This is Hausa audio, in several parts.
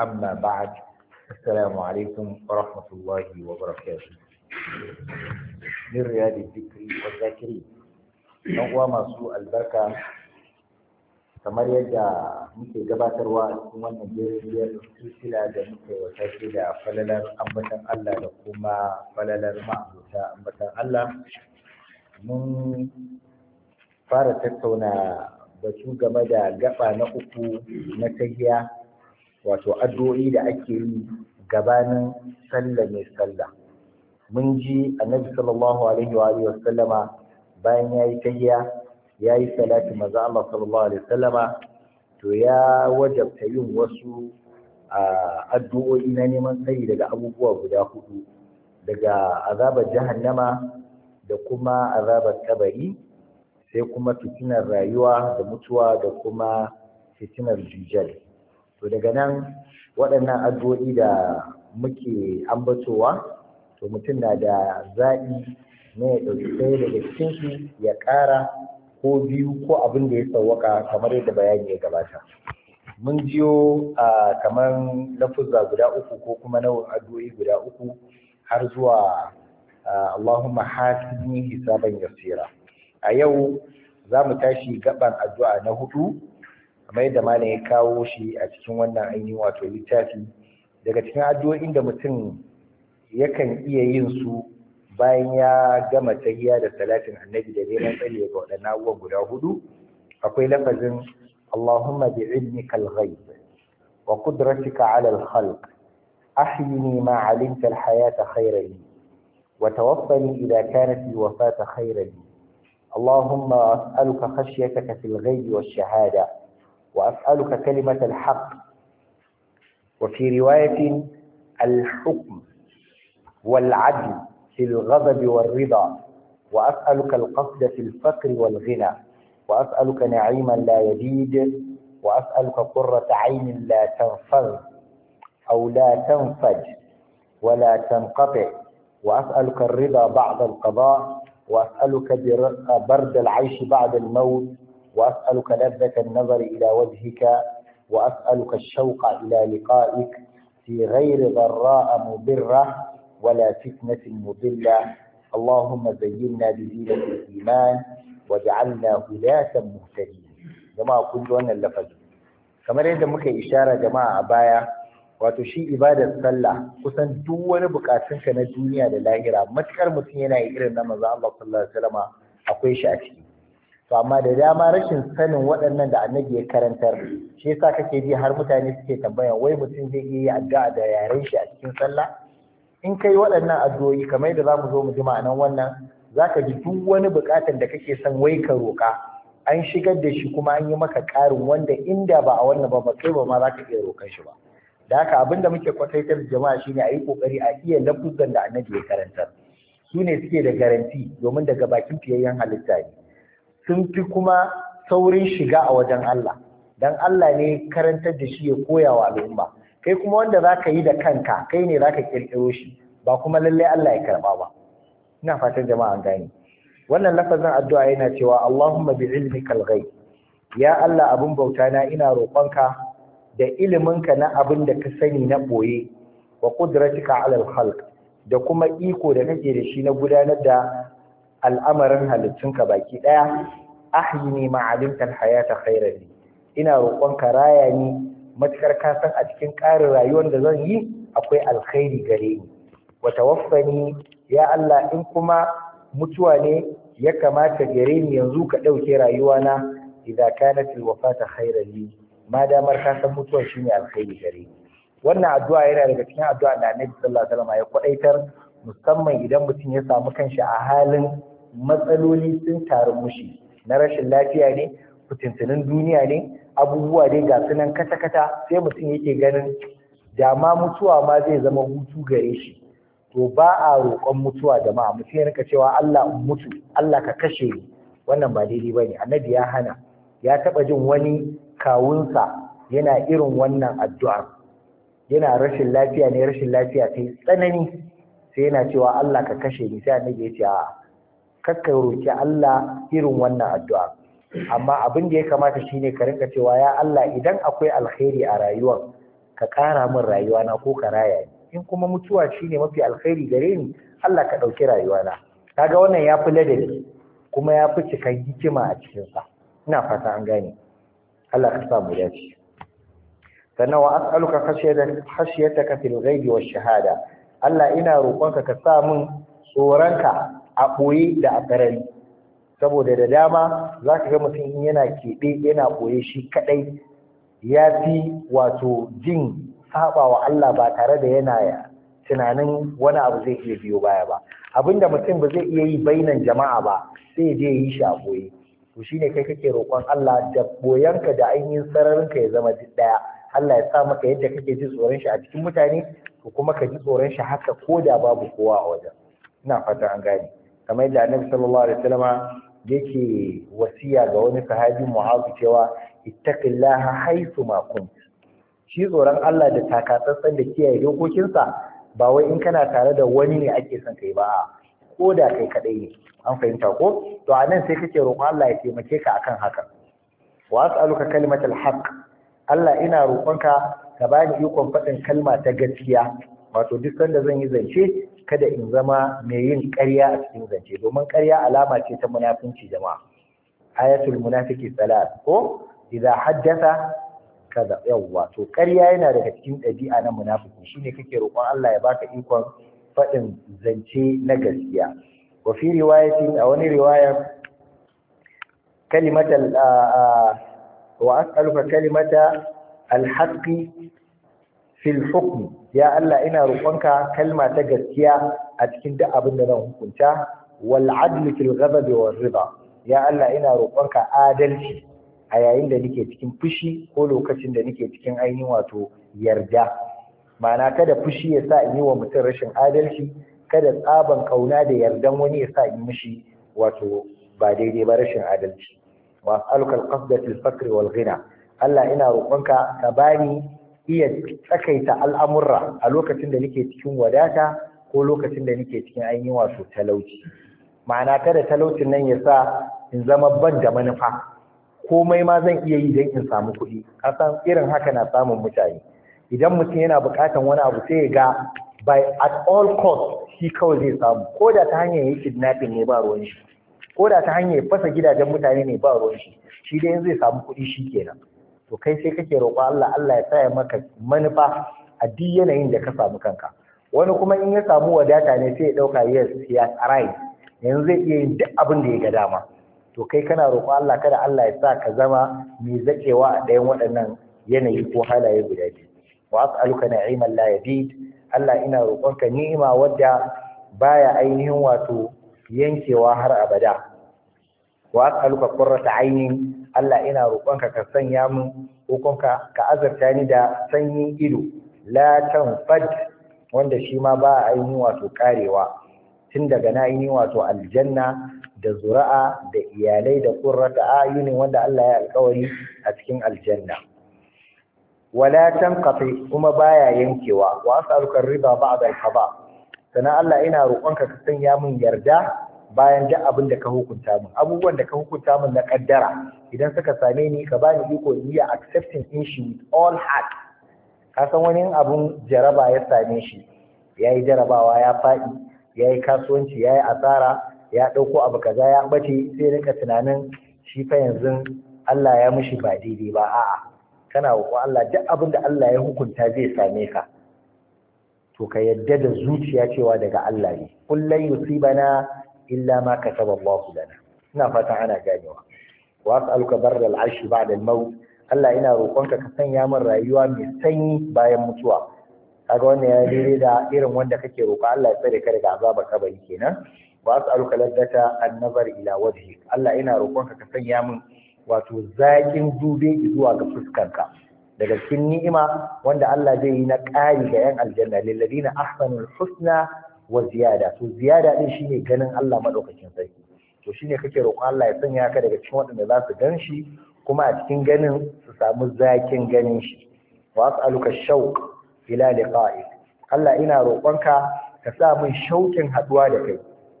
amma ba'd assalamu alaikum wa rahmatullahi wa barakatuh min da dhikri wa zakiri dan uwa masu albarka kamar yadda muke gabatarwa a cikin wannan jirgin silsila da muke wata shi da falalar ambatan Allah da kuma falalar ma'abuta ambatan Allah mun fara tattauna batu game da gaba na uku na tahiya wato addu'o'i da ake yi gabanin sallah mai sallah mun ji annabi sallallahu alaihi wa alihi wa bayan yayi ya yayi salati maza Allah sallallahu alaihi wasallama to ya wajabta yin wasu addu'o'i na neman tsayi daga abubuwa guda hudu daga azabar jahannama da kuma azabar kabari sai kuma fitinar rayuwa da mutuwa da kuma fitinar jujjal to daga nan waɗannan addu'o'i da muke ambatowa to mutum na da zaɓi na ya ɗauki ɗaya daga cikinsu ya ƙara ko biyu ko abin da ya sauwaka kamar yadda bayani ya gabata mun jiyo a kamar lafuzza guda uku ko kuma nau'in addu'o'i guda uku har zuwa Allahumma hasibni hisaban yasira a yau za mu tashi gaban addu'a na hudu kamar da malam ya kawo shi a cikin wannan ainihin wato littafi daga cikin addu'o'in da mutum yakan iya yin su bayan ya gama tahiyya da talatin annabi da neman tsari daga waɗannan guda hudu akwai lafazin Allahumma bi ilmika al-ghaib wa qudratika 'ala al-khalq ahyini ma 'alimta al-hayata khayran li wa tawaffani idha kanat al-wafata khayran li اللهم أسألك خشيتك في الغيب والشهادة وأسألك كلمة الحق وفي رواية الحكم والعدل في الغضب والرضا وأسألك القصد في الفقر والغنى وأسألك نعيما لا يزيد وأسألك قرة عين لا تنفر أو لا تنفج ولا تنقطع وأسألك الرضا بعد القضاء وأسألك برد العيش بعد الموت واسالك لذه النظر الى وجهك واسالك الشوق الى لقائك في غير ضراء مضره ولا فتنه مضله اللهم زينا بزينه الايمان واجعلنا هداة مهتدين جماعه كل وانا اللفظ كما رأيت مك اشاره جماعه عبايا وتشي عباده الصلاه كسن دو وانا بكاتنك الدنيا للاهره متكر متين يا ايرن الله صلى الله عليه وسلم اكو شيء to amma da dama rashin sanin waɗannan da annabi ya karantar shi yasa kake ji har mutane suke tambaya wai mutum zai iya yi addu'a da yaren shi a cikin sallah in kai waɗannan addu'o'i kamar yadda zamu zo mu ji ma'anan wannan zaka ji duk wani buƙatar da kake son wai ka roƙa an shigar da shi kuma an yi maka ƙarin wanda inda ba a wannan ba ba kai ba ma zaka iya roƙan shi ba da haka abinda muke kwataitar jama'a shine a yi kokari a iya lafuzan da annabi ya karantar su ne suke da garanti domin daga bakin fiyayyen halitta ne sun fi kuma saurin shiga a wajen Allah don Allah ne karantar da shi ya koya wa al'umma kai kuma wanda za ka yi da kanka kai ne za ka kirkiro shi ba kuma lallai Allah ya karɓa ba ina fatan jama'a an gane wannan lafazin addu'a yana cewa Allahumma bi ilmikal ghaib ya Allah abun bauta na ina roƙonka da ilimin ka na abin da ka sani na boye wa qudratika ala al-khalq da kuma iko da kake da shi na gudanar da al'amarin halittunka baki ɗaya ahyini ma'alimta hayata khairan ina roƙonka raya ni matukar ka san a cikin ƙarin rayuwar da zan yi akwai alkhairi gare ni wa tawaffani ya Allah in kuma mutuwa ne ya kamata gare ni yanzu ka ɗauke rayuwana idza kanat alwafata khairan li ma damar ka san mutuwa shine alkhairi gare ni wannan addu'a yana daga cikin addu'a da Annabi sallallahu alaihi wasallam ya kwadaitar musamman idan mutum ya samu kanshi a halin matsaloli sun taru mushi na rashin lafiya ne fitintunin duniya ne abubuwa dai ga sunan kata-kata sai mutum yake ganin dama mutuwa ma zai zama hutu gare shi to ba a roƙon mutuwa ma mutum ya rika cewa Allah mutu Allah ka kashe ni wannan ba daidai bane annabi ya hana ya taɓa jin wani kawunsa yana irin wannan addu'a yana rashin lafiya ne rashin lafiya ta tsanani sai yana cewa Allah ka kashe ni sai annabi ya ce a'a kakka roki Allah irin wannan addu'a amma abin da ya kamata shine ka rinka cewa ya Allah idan akwai alkhairi a rayuwar ka kara min rayuwa na ko ka raya ni in kuma mutuwa shine mafi alkhairi gare ni Allah ka ɗauki rayuwa na kaga wannan ya fi ladabi kuma ya fi cikan hikima a cikin sa ina fata an gane Allah ka sa mu dace sannan wa as'aluka khashiyataka fil ghaibi wash shahada Allah ina roƙonka ka sa min tsoronka a ɓoye da a sarari saboda da dama za ka ga mutum in yana keɓe yana ɓoye shi kaɗai ya fi wato jin saɓa wa Allah ba tare da yana tunanin wani abu zai iya biyo baya ba abinda mutum ba zai iya yi bainan jama'a ba sai ya je yi shi a ɓoye to shine kai kake roƙon Allah da ɓoyenka da ainihin sararinka ya zama duk ɗaya Allah ya sa maka yadda kake ji tsoron shi a cikin mutane to kuma ka ji tsoron shi haka ko da babu kowa a wajen ina fata an gane kamar da annabi sallallahu alaihi wasallama yake wasiya ga wani sahabi mu'azu cewa ittaqillaha haythu ma kunt shi tsoron Allah da takatsantsan da kiyaye dokokinsa ba wai in kana tare da wani ne ake son kai ba ko da kai kadai ne an fahimta ko to anan sai kake roƙon Allah ya taimake ka akan haka wa as'aluka kalimatal haqq Allah ina roƙonka ka bani ikon faɗin kalma ta gaskiya wato duk sanda zan yi zance kada in zama mai yin ƙarya a cikin zance domin ƙarya alama ce ta munafunci jama'a ayatul munafiki salat ko idza haddatha kaza yawwa to ƙarya yana daga cikin ɗabi'a na munafiki shine kake roƙon Allah ya baka ikon faɗin zance na gaskiya wa fi a wani riwaya kalimatal wa as'aluka kalimata al fil ya Allah ina roƙonka kalma ta gaskiya a cikin duk abin da zan hukunta wal adl fil ghadab wal ya Allah ina roƙonka adalci a yayin da nake cikin fushi ko lokacin da nake cikin ainihin wato yarda ma'ana kada fushi ya sa in yi wa mutum rashin adalci kada tsaban kauna da yardan wani ya sa in mishi wato ba daidai ba rashin adalci wa as'aluka al-qasda fil wal ghina Allah ina roƙonka ka bani iya tsakaita al'amurra a lokacin da nake cikin wadata ko lokacin da nake cikin ainihin wasu talauci ma'ana ta da talaucin nan ya sa in zama ban da manufa komai ma zan iya yi don in samu kuɗi kasan irin haka na samun mutane idan mutum yana buƙatan wani abu sai ya ga by at all cost shi kawai zai samu ko da ta hanyar yi kidnapping ne ba ruwan shi ko da ta hanyar fasa gidajen mutane ne ba ruwan shi shi dai zai samu kuɗi shi kenan to kai sai kake roƙo Allah Allah ya tsaya maka manufa a duk yanayin da ka samu kanka wani kuma in ya samu wadata ne sai ya ɗauka yes ya tsarai yanzu zai iya yin duk abin da ya ga dama to kai kana roƙo Allah kada Allah ya sa ka zama mai zakewa a ɗayan waɗannan yanayi ko halaye guda biyu wa as'aluka ni'iman la yadid Allah ina roƙonka ni'ima wadda baya ainihin wato yankewa har abada wa as'aluka qurrata ainin Allah ina roƙonka ka sanya min hukunka ka azarta ni da sanyin ido la tanfad wanda shi ma ba a ainihin wato karewa tun daga na ainihin wato aljanna da zura'a da iyalai da qurrata ayunin wanda Allah ya alƙawari a cikin aljanna wala tanqati kuma baya yankewa wa as'aluka riba ba'da al ba. sana Allah ina roƙonka ka sanya min yarda bayan duk abin da ka hukunta min abubuwan da ka hukunta min na kaddara idan suka same ni ka bani iko in yi accepting in shi with all heart ka san wani abun jaraba ya same shi ya yi jarabawa ya faɗi ya yi kasuwanci ya yi asara ya ɗauko abu kaza ya ɓace sai rika tunanin shi fa yanzu Allah ya mishi ba daidai ba a'a kana roƙo Allah duk abin da Allah ya hukunta zai same ka to ka yadda da zuciya cewa daga Allah ne kullai yusibana illa ma kataba Allah lana ina fatan ana ganewa wa as'aluka barra al'ashi ba'da al-maut Allah ina roƙonka ka sanya min rayuwa mai sanyi bayan mutuwa kaga wannan ya daidai da irin wanda kake roƙa Allah ya tsare ka daga azaba kabari kenan wa as'aluka ladata an-nazar ila wajhi Allah ina roƙonka ka sanya min wato zakin dube zuwa ga fuskarka daga cikin ni'ima wanda Allah zai yi na ƙari ga 'yan aljanna lilladina ahsanul husna wa ziyada to ziyada din shine ganin Allah madaukakin sarki to shine kake roƙon Allah ya sanya ka daga cikin waɗanda za su gan shi kuma a cikin ganin su samu zakin ganin shi wa as'aluka shauq ila liqa'i Allah ina roƙonka ka sa min shauƙin haduwa da kai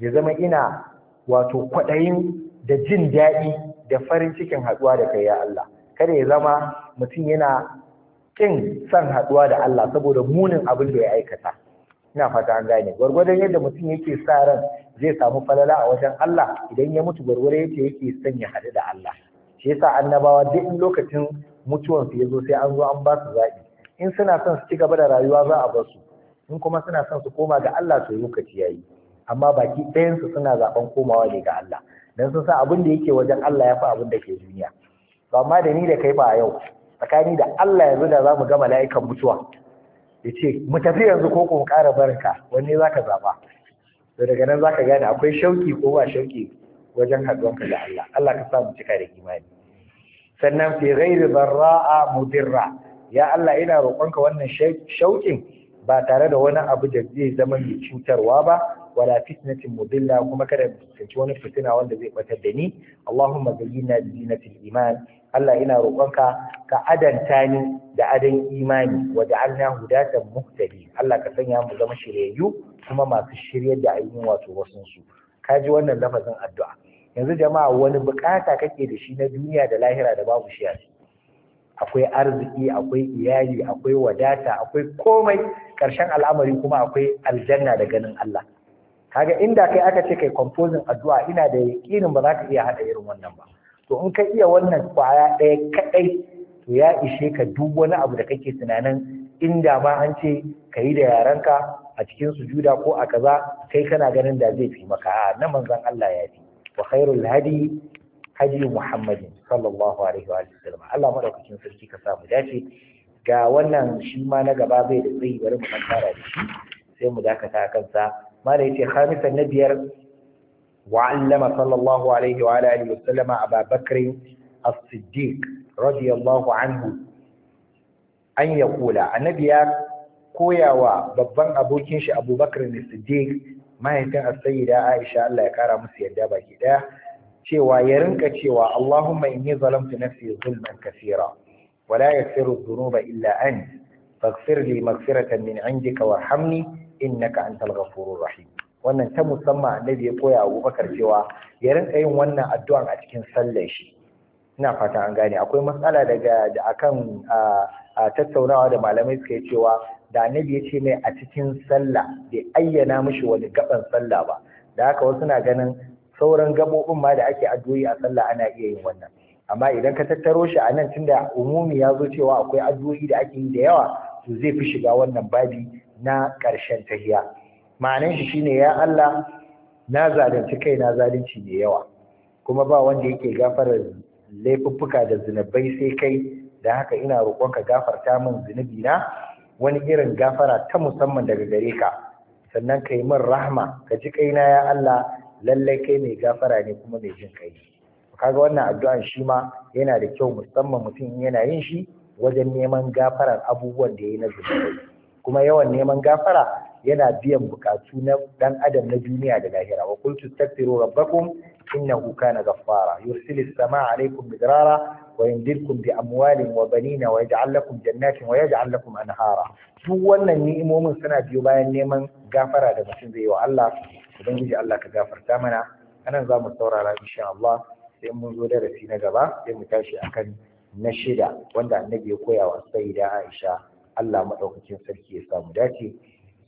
ya zama ina wato kwaɗayin da jin daɗi da farin cikin haduwa da kai ya Allah kada ya zama mutum yana kin son haduwa da Allah saboda munin abin da ya aikata ina fata an gane gwargwadon yadda mutum yake sa ran zai samu falala a wajen Allah idan ya mutu gwargwaro yake yake sanya ya haɗu da Allah shi yasa annabawa duk in lokacin mutuwan su yazo sai an zo an ba su zaɓi in suna son su ci gaba da rayuwa za a bar su in kuma suna son su koma ga Allah to lokaci yayi amma baki ɗayan su suna zaben komawa ne ga Allah dan sun san abin da yake wajen Allah ya fi abin da ke duniya to amma da ni da kai ba a yau tsakani da Allah yanzu da za mu ga mala'ikan mutuwa ya ce mu tafi yanzu ko ko ƙara barka wanne za ka zaɓa to daga nan za ka gane akwai shauki ko ba shauki wajen haɗuwanka da Allah Allah ka sa mu cika da imani sannan fi ghairi dharra'a mudirra ya Allah ina roƙonka wannan shaukin ba tare da wani abu da zai zama mai cutarwa ba wala fitnatin mudilla kuma kada fuskanci wani fitina wanda zai batar da ni Allahumma zayyina bi zinatil iman Allah ina roƙonka ka adanta ni da adan imani wa ja'alna hudatan muhtadi Allah ka sanya mu zama shiryayyu kuma masu shiryar da ayyukan wato wasun su ji wannan lafazin addu'a yanzu jama'a wani bukata kake da shi na duniya da lahira da babu shi akwai arziki akwai iyali akwai wadata akwai komai karshen al'amari kuma akwai aljanna da ganin Allah kaga inda kai aka ce kai composing addu'a ina da yakinin ba za ka iya hada irin wannan ba to in ka iya wannan kwaya ɗaya kaɗai to ya ishe ka duk wani abu da kake tunanin inda ma an ce ka yi da yarenka a cikin sujuda ko a kaza kai kana ganin da zai fi maka a na manzan Allah ya fi wa khairul hadi hadi Muhammadin sallallahu alaihi wa sallam Allah madaukakin sarki ka samu dace ga wannan shi ma na gaba bai da tsayi bari mu fara da shi sai mu dakata kansa malai yace khamisan na biyar وعلم صلى الله عليه وعلى آله وسلم أبا بكر الصديق رضي الله عنه أن يقول النبي koya babban abokin shi abubakar ne siddiq mahaifin asayida aisha Allah ya kara musu yadda baki daya cewa ya rinka cewa Allahumma inni zalamtu nafsi zulman kasira wa la yaghfiru dhunuba illa ant faghfir li maghfiratan min indika warhamni innaka antal ghafurur rahim wannan ta musamman annabi ya koya wa bakar cewa ya rinka yin wannan addu'an a cikin sallar shi ina fata an gane akwai matsala daga da akan tattaunawa da malamai suka yi cewa da annabi ya ce mai a cikin sallah bai ayyana mishi wani gaban sallah ba da haka wasu na ganin sauran gabobin ma da ake addu'o'i a sallah ana iya yin wannan amma idan ka tattaro shi a nan tunda umumi ya zo cewa akwai addu'o'i da ake yi da yawa to zai fi shiga wannan babi na ƙarshen tahiya Ma'anin shi shine ya Allah na zalunci kai na zalunci mai yawa kuma ba wanda yake gafara laifuffuka da zinabai sai kai da haka ina ka gafarta min zunubi na wani irin gafara ta musamman daga gare ka sannan ka yi min rahma ka ji kai na ya Allah lallai kai mai gafara ne kuma mai jin kai kaga wannan addu'an shi ma yana da kyau musamman mutum yana yin shi wajen neman gafarar abubuwan da ya yi na zunubai kuma yawan neman gafara yana biyan bukatu na dan adam na duniya da lahira wa qultu astaghfiru rabbakum innahu kana ghaffara yursilis samaa alaykum midrara wa yumdidkum bi amwalin wa banina wa yaj'al lakum jannatin wa yaj'al lakum anhara duk wannan ni'imomin suna biyo bayan neman gafara da mutum zai yi wa Allah ubangiji Allah ka gafarta mana anan za mu saurara insha Allah sai mun zo darasi na gaba sai mu tashi akan na shida wanda annabi ya koya wa sayyida Aisha Allah madaukakin sarki ya samu dace